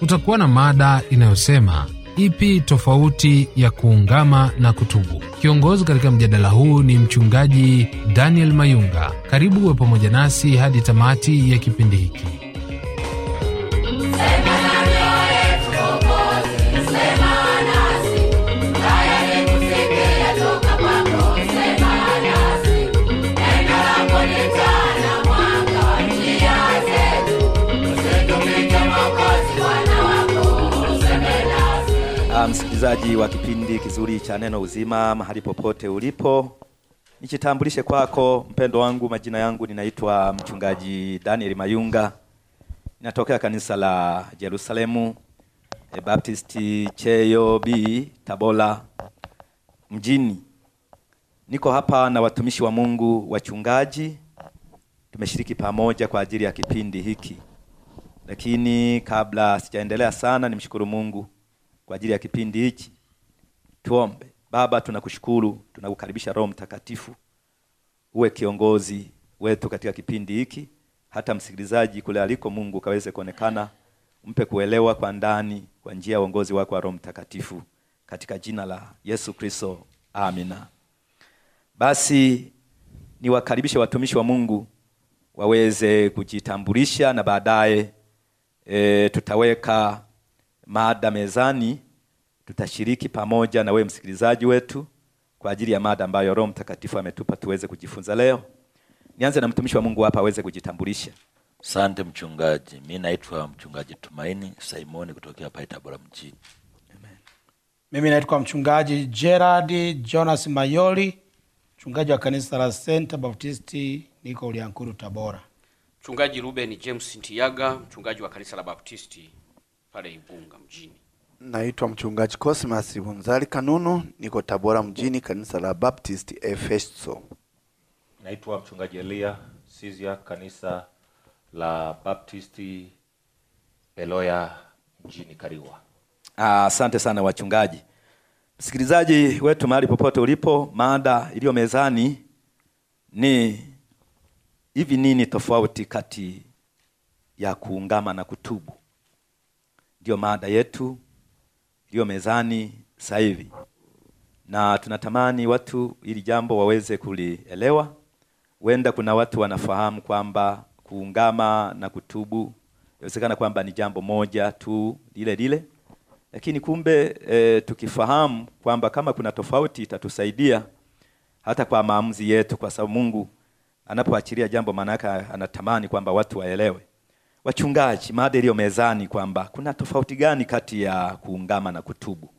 kutakuwa na mada inayosema ipi tofauti ya kuungama na kutubu. Kiongozi katika mjadala huu ni mchungaji Daniel Mayunga. Karibu uwe pamoja nasi hadi tamati ya kipindi hiki. Msikilizaji wa kipindi kizuri cha Neno Uzima, mahali popote ulipo, nijitambulishe kwako mpendo wangu. Majina yangu ninaitwa mchungaji Daniel Mayunga, inatokea kanisa la Jerusalemu eh, Baptist Cheyo B tabola mjini. Niko hapa na watumishi wa Mungu, wachungaji, tumeshiriki pamoja kwa ajili ya kipindi hiki. Lakini kabla sijaendelea sana, nimshukuru Mungu kwa ajili ya kipindi hichi. Tuombe. Baba, tunakushukuru, tunakukaribisha Roho Mtakatifu uwe kiongozi wetu katika kipindi hiki, hata msikilizaji kule aliko, Mungu kaweze kuonekana, mpe kuelewa kwa ndani kwa njia ya uongozi wako wa Roho Mtakatifu, katika jina la Yesu Kristo, amina. Basi niwakaribishe watumishi wa Mungu waweze kujitambulisha na baadaye e, tutaweka mada mezani tutashiriki pamoja na wewe msikilizaji wetu kwa ajili ya mada ambayo Roho Mtakatifu ametupa tuweze kujifunza leo. Nianze na mtumishi wa Mungu hapa aweze kujitambulisha. Asante mchungaji, mi naitwa mchungaji Tumaini Simoni kutokea hapa Tabora mjini. Amen. Mimi naitwa mchungaji Gerard Jonas Mayoli, mchungaji wa kanisa la Senta Baptisti, niko Uliankuru, Tabora. Mchungaji Ruben James Ntiyaga, mchungaji wa kanisa la Baptisti pale Igunga mjini. Naitwa mchungaji Cosmas Bunzali Kanunu, niko Tabora mjini, kanisa la Baptist Efeso. Naitwa mchungaji Elia Sizia, kanisa la Baptist Eloya mjini Kariwa. Ah, asante ah, sana wachungaji. Msikilizaji wetu mahali popote ulipo, mada iliyo mezani ni hivi, nini tofauti kati ya kuungama na kutubu? Ndiyo mada yetu iliyo mezani sasa hivi, na tunatamani watu ili jambo waweze kulielewa. Huenda kuna watu wanafahamu kwamba kuungama na kutubu inawezekana kwamba ni jambo moja tu lile lile, lakini kumbe e, tukifahamu kwamba kama kuna tofauti itatusaidia hata kwa maamuzi yetu, kwa sababu Mungu anapoachilia jambo, maana yake anatamani kwamba watu waelewe. Wachungaji, mada iliyo mezani kwamba kuna tofauti gani kati ya kuungama na kutubu?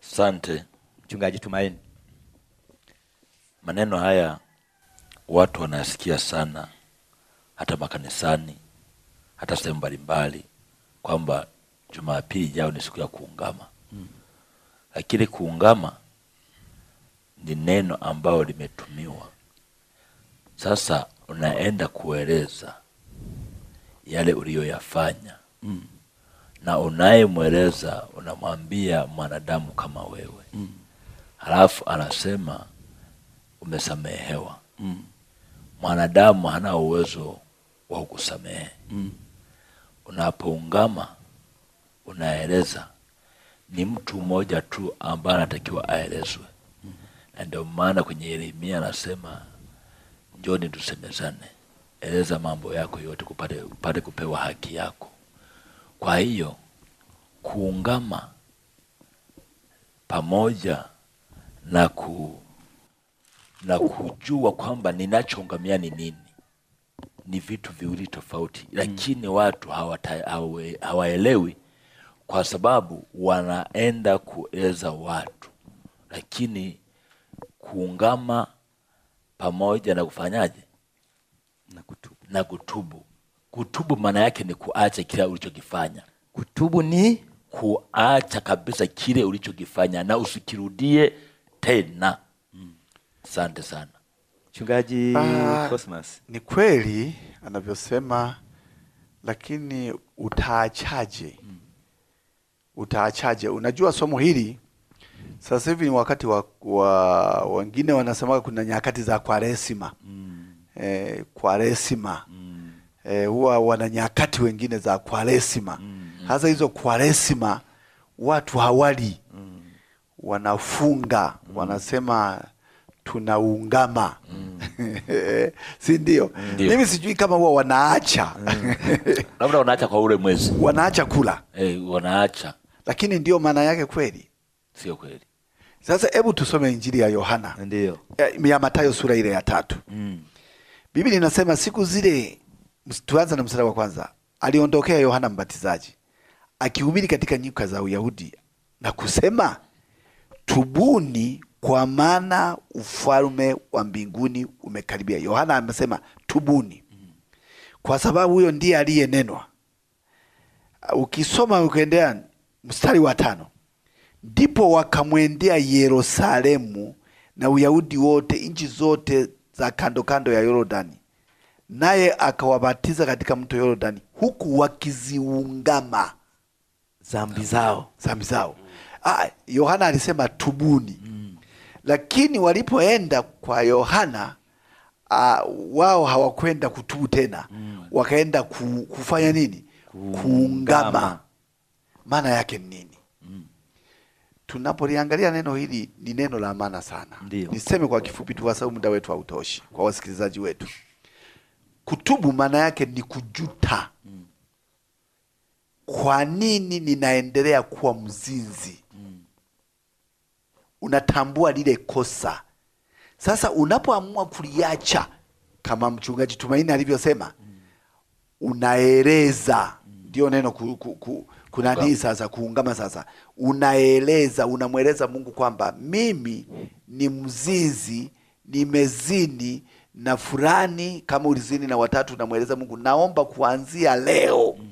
sante mchungaji Tumaini. Maneno haya watu wanayasikia sana, hata makanisani, hata sehemu mbalimbali, kwamba Jumapili ijayo ni siku ya kuungama hmm. Lakini kuungama ni neno ambayo limetumiwa sasa, unaenda kueleza yale uliyoyafanya mm. na unayemweleza unamwambia mwanadamu kama wewe mm. halafu anasema umesamehewa mm. mwanadamu hana uwezo wa kusamehe mm. unapoungama unaeleza ni mtu mmoja tu ambaye anatakiwa aelezwe mm. na ndio maana kwenye Yeremia anasema njoni tusemezane eleza mambo yako yote kupate, kupate kupewa haki yako. Kwa hiyo kuungama pamoja na ku na kujua kwamba ninachoungamia ni nini ni vitu viwili tofauti, mm. lakini watu hawaelewi hawa kwa sababu wanaenda kueza watu, lakini kuungama pamoja na kufanyaje na kutubu. Na kutubu, kutubu maana yake ni kuacha kile ulichokifanya. Kutubu ni kuacha kabisa kile ulichokifanya na usikirudie tena. Asante mm. sana Mchungaji ah, Cosmas. Ni kweli anavyosema, lakini utaachaje? mm. Utaachaje? Unajua somo hili sasa hivi ni wakati wa, wa wengine wanasema kuna nyakati za Kwaresima mm eh, Kwaresima mm. e, huwa wana nyakati wengine za Kwaresima mm, mm. hasa mm. hizo Kwaresima watu hawali mm. wanafunga mm. wanasema tunaungama mm. si ndio? Mimi sijui kama huwa wanaacha mm. labda wanaacha kwa ule mwezi wanaacha kula hey, eh, wanaacha lakini ndio maana yake kweli, sio kweli? Sasa hebu tusome Injili ya Yohana ndio eh, ya Mathayo sura ile ya tatu mm. Biblia inasema siku zile, tuanza na mstari wa kwanza. Aliondokea Yohana Mbatizaji akihubiri katika nyika za Uyahudi na kusema, tubuni, kwa maana ufalme wa mbinguni umekaribia. Yohana amesema tubuni, kwa sababu huyo ndiye aliyenenwa. Uh, ukisoma ukaendelea mstari wa tano, ndipo wakamwendea Yerusalemu na Uyahudi wote, nchi zote za kando kando ya Yorodani, naye akawabatiza katika mto Yorodani, huku wakiziungama zambi zao zambi zao. Mm. Ah, Yohana alisema tubuni mm. Lakini walipoenda kwa Yohana ah, wao hawakwenda kutubu tena mm. Wakaenda ku, kufanya nini? Kuungama. Maana yake nini? Tunapoliangalia neno hili ni neno la maana sana. Ndiyo. Niseme kwa kifupi tu, kwa sababu muda wetu hautoshi kwa wasikilizaji wetu. Kutubu maana yake ni kujuta, mm. kwa nini ninaendelea kuwa mzinzi? Mm. Unatambua lile kosa sasa, unapoamua kuliacha kama mchungaji Tumaini alivyosema, mm. unaeleza, ndio neno ku, ku, ku, kuna nini sasa kuungama sasa, unaeleza unamweleza Mungu kwamba mimi ni mzinzi, nimezini na fulani, kama ulizini na watatu, unamweleza Mungu, naomba kuanzia leo mm.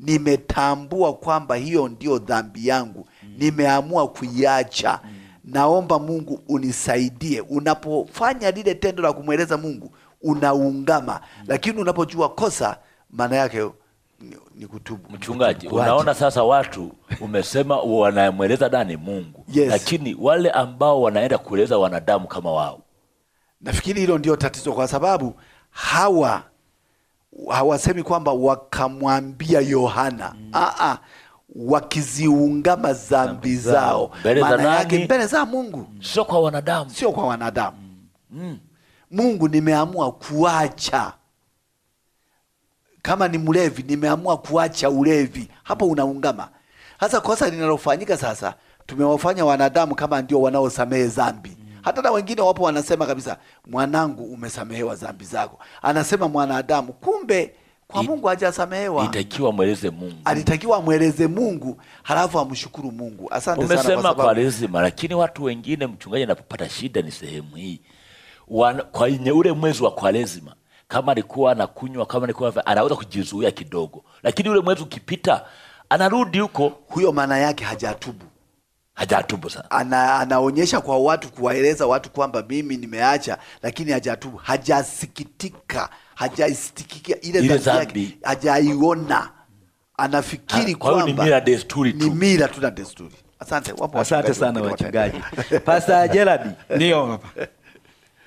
nimetambua kwamba hiyo ndio dhambi yangu, mm. nimeamua kuiacha. Mm. Naomba Mungu unisaidie. Unapofanya lile tendo la kumweleza Mungu unaungama, lakini unapojua kosa, maana yake ni, kutubu. Mchungaji, kutubu unaona sasa, watu umesema wanamweleza dani Mungu yes. Lakini wale ambao wanaenda kueleza wanadamu kama wao, nafikiri hilo ndio tatizo, kwa sababu hawa hawasemi kwamba wakamwambia Yohana mm. Aa, ah, ah. wakiziungama zambi zao maana yake mbele za Mungu mm. Sio kwa wanadamu, sio kwa wanadamu mm. mm. Mungu nimeamua kuacha kama ni mlevi, nimeamua kuacha ulevi, hapo unaungama. Hasa kosa linalofanyika sasa, tumewafanya wanadamu kama ndio wanaosamehe dhambi hata na wengine wapo wanasema kabisa, mwanangu, umesamehewa dhambi zako. Anasema mwanadamu, kumbe kwa Mungu hajasamehewa. Alitakiwa mweleze Mungu, alitakiwa mweleze Mungu halafu amshukuru Mungu. Asante umesema sana kwa sababu lazima. Lakini watu wengine, mchungaji, anapopata shida ni sehemu hii, kwenye ule mwezi wa Kwaresima kama alikuwa anakunywa, kama alikuwa anaweza kujizuia kidogo, lakini yule mwezi ukipita anarudi huko. Huyo maana yake hajatubu, hajatubu sana. Ana, anaonyesha kwa watu, kuwaeleza watu kwamba mimi nimeacha, lakini hajatubu, hajasikitika, hajaistikia ile dhambi, hajaiona, anafikiri kwamba ni mila desturi tu, ni mila tu na desturi. Asante wapo, asante sana wachungaji. Pastor Jeradi, ndio hapa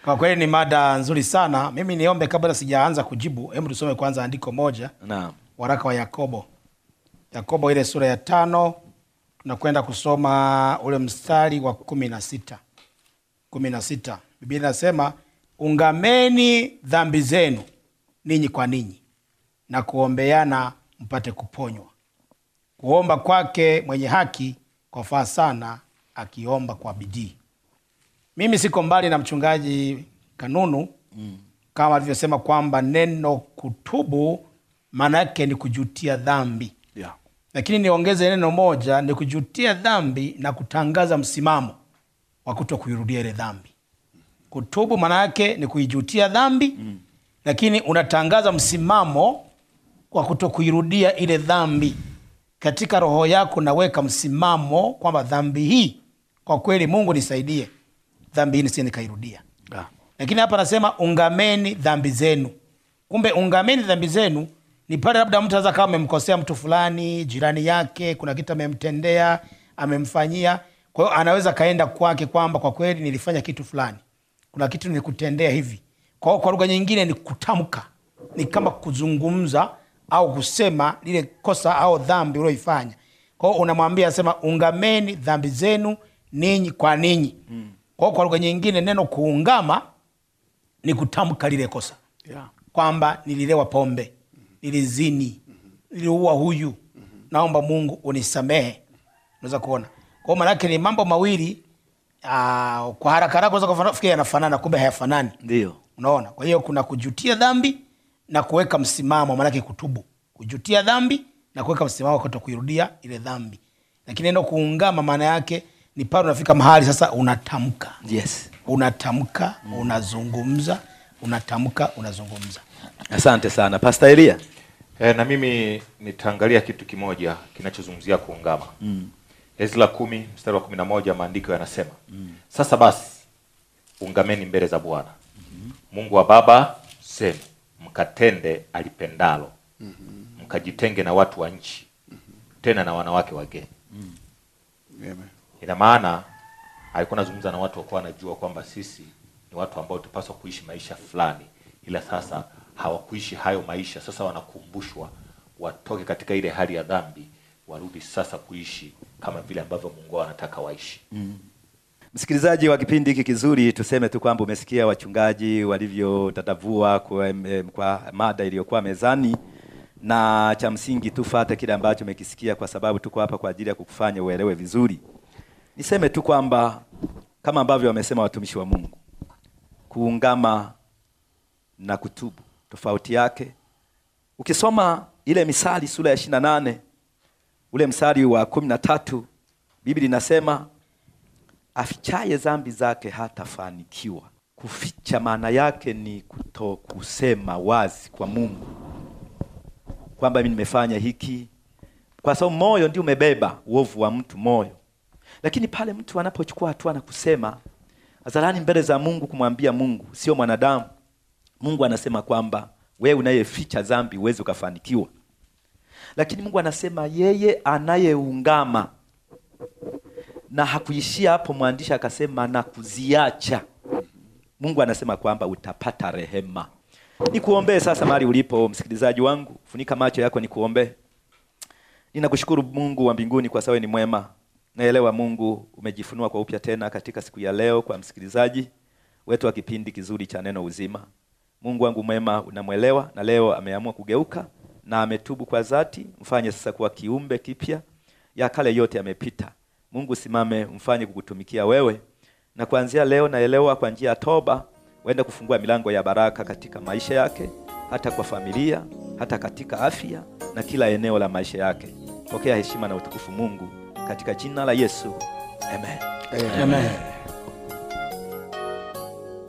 kwa kweli ni mada nzuri sana. Mimi niombe kabla sijaanza kujibu, hebu tusome kwanza andiko moja. Naam. Waraka wa Yakobo, Yakobo ile sura ya tano tunakwenda kusoma ule mstari wa kumi na sita kumi na sita Biblia inasema ungameni dhambi zenu ninyi kwa ninyi na kuombeana mpate kuponywa. Kuomba kwake mwenye haki kwa faa sana akiomba kwa bidii. Mimi siko mbali na mchungaji Kanunu mm. kama alivyosema kwamba neno kutubu maana yake ni kujutia dhambi yeah. Lakini niongeze neno moja, ni kujutia dhambi na kutangaza msimamo wa kuto kuirudia ile dhambi. Kutubu maana yake ni kuijutia dhambi mm. lakini unatangaza msimamo wa kuto kuirudia ile dhambi katika roho yako. Naweka msimamo kwamba dhambi hii, kwa kweli Mungu nisaidie dhambi hii nisije nikairudia. Ah. Lakini hapa anasema ungameni dhambi zenu. Kumbe ungameni dhambi zenu ni pale labda mtu aweza kawa amemkosea mtu fulani, jirani yake, kuna kitu amemtendea, amemfanyia. Kwa hiyo anaweza kaenda kwake kwamba kwa kweli nilifanya kitu fulani, kuna kitu nilikutendea hivi. Kwa hiyo kwa lugha nyingine ni kutamka, ni kama kuzungumza au kusema lile kosa au dhambi ulioifanya. Kwa hiyo unamwambia, sema ungameni dhambi zenu ninyi kwa ninyi. hmm. Kwa hiyo kwa lugha nyingine, neno kuungama ni kutamka lile kosa yeah. kwamba nililewa pombe, nilizini, niliua huyu, naomba Mungu unisamehe. Unaweza kuona kwao, maanake ni mambo mawili Uh, kwa haraka haraka unaweza kufikiria yanafanana, kumbe hayafanani. Ndio unaona. Kwa hiyo kuna kujutia dhambi na kuweka msimamo, maanake kutubu, kujutia dhambi na kuweka msimamo kuirudia ile dhambi. Lakini neno kuungama maana yake ni pale unafika mahali sasa unatamka yes. unatamka unazungumza unatamka unazungumza asante sana pasta elia e, na mimi nitaangalia kitu kimoja kinachozungumzia kuungama mm. ezra kumi mstari wa kumi na moja maandiko yanasema mm. sasa basi ungameni mbele za bwana mm -hmm. mungu wa baba semu mkatende alipendalo mm -hmm. mkajitenge na watu wa nchi mm -hmm. tena na wanawake wageni mm. yeah, Ina maana alikuwa anazungumza na watu wakuwa wanajua kwamba sisi ni watu ambao tupaswa kuishi maisha fulani, ila sasa hawakuishi hayo maisha. Sasa wanakumbushwa watoke katika ile hali ya dhambi, warudi sasa kuishi kama vile ambavyo Mungu wao anataka waishi. mm. Msikilizaji wa kipindi hiki kizuri, tuseme tu kwamba umesikia wachungaji walivyotadavua kwa, eh, kwa mada iliyokuwa mezani, na cha msingi tufate kile ambacho umekisikia, kwa sababu tuko hapa kwa ajili ya kukufanya uelewe vizuri. Niseme tu kwamba kama ambavyo wamesema watumishi wa Mungu, kuungama na kutubu tofauti yake. Ukisoma ile Misali sura ya ishirini na nane ule msali wa kumi na tatu Biblia inasema afichaye dhambi zake hatafanikiwa. Kuficha maana yake ni kutokusema wazi kwa Mungu kwamba mimi nimefanya hiki, kwa sababu moyo ndio umebeba uovu wa mtu moyo lakini pale mtu anapochukua hatua na kusema hadharani mbele za Mungu, kumwambia Mungu, sio mwanadamu. Mungu anasema kwamba wewe unayeficha dhambi uweze ukafanikiwa, lakini Mungu anasema yeye anayeungama na hakuishia hapo. Mwandishi akasema na kuziacha, Mungu anasema kwamba utapata rehema. Nikuombee sasa mahali ulipo, msikilizaji wangu, funika macho yako, nikuombee. Ninakushukuru Mungu wa mbinguni kwa sawe ni mwema Naelewa Mungu umejifunua kwa upya tena katika siku ya leo kwa msikilizaji wetu wa kipindi kizuri cha Neno Uzima. Mungu wangu mwema, unamwelewa na leo ameamua kugeuka na ametubu kwa dhati. Mfanye sasa kuwa kiumbe kipya, ya kale yote yamepita. Mungu simame, mfanye kukutumikia wewe, na kuanzia leo naelewa kwa njia ya toba waenda kufungua milango ya baraka katika maisha yake, hata kwa familia, hata katika afya na kila eneo la maisha yake. Pokea heshima na utukufu Mungu katika jina la Yesu, amen, amen. amen.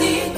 melody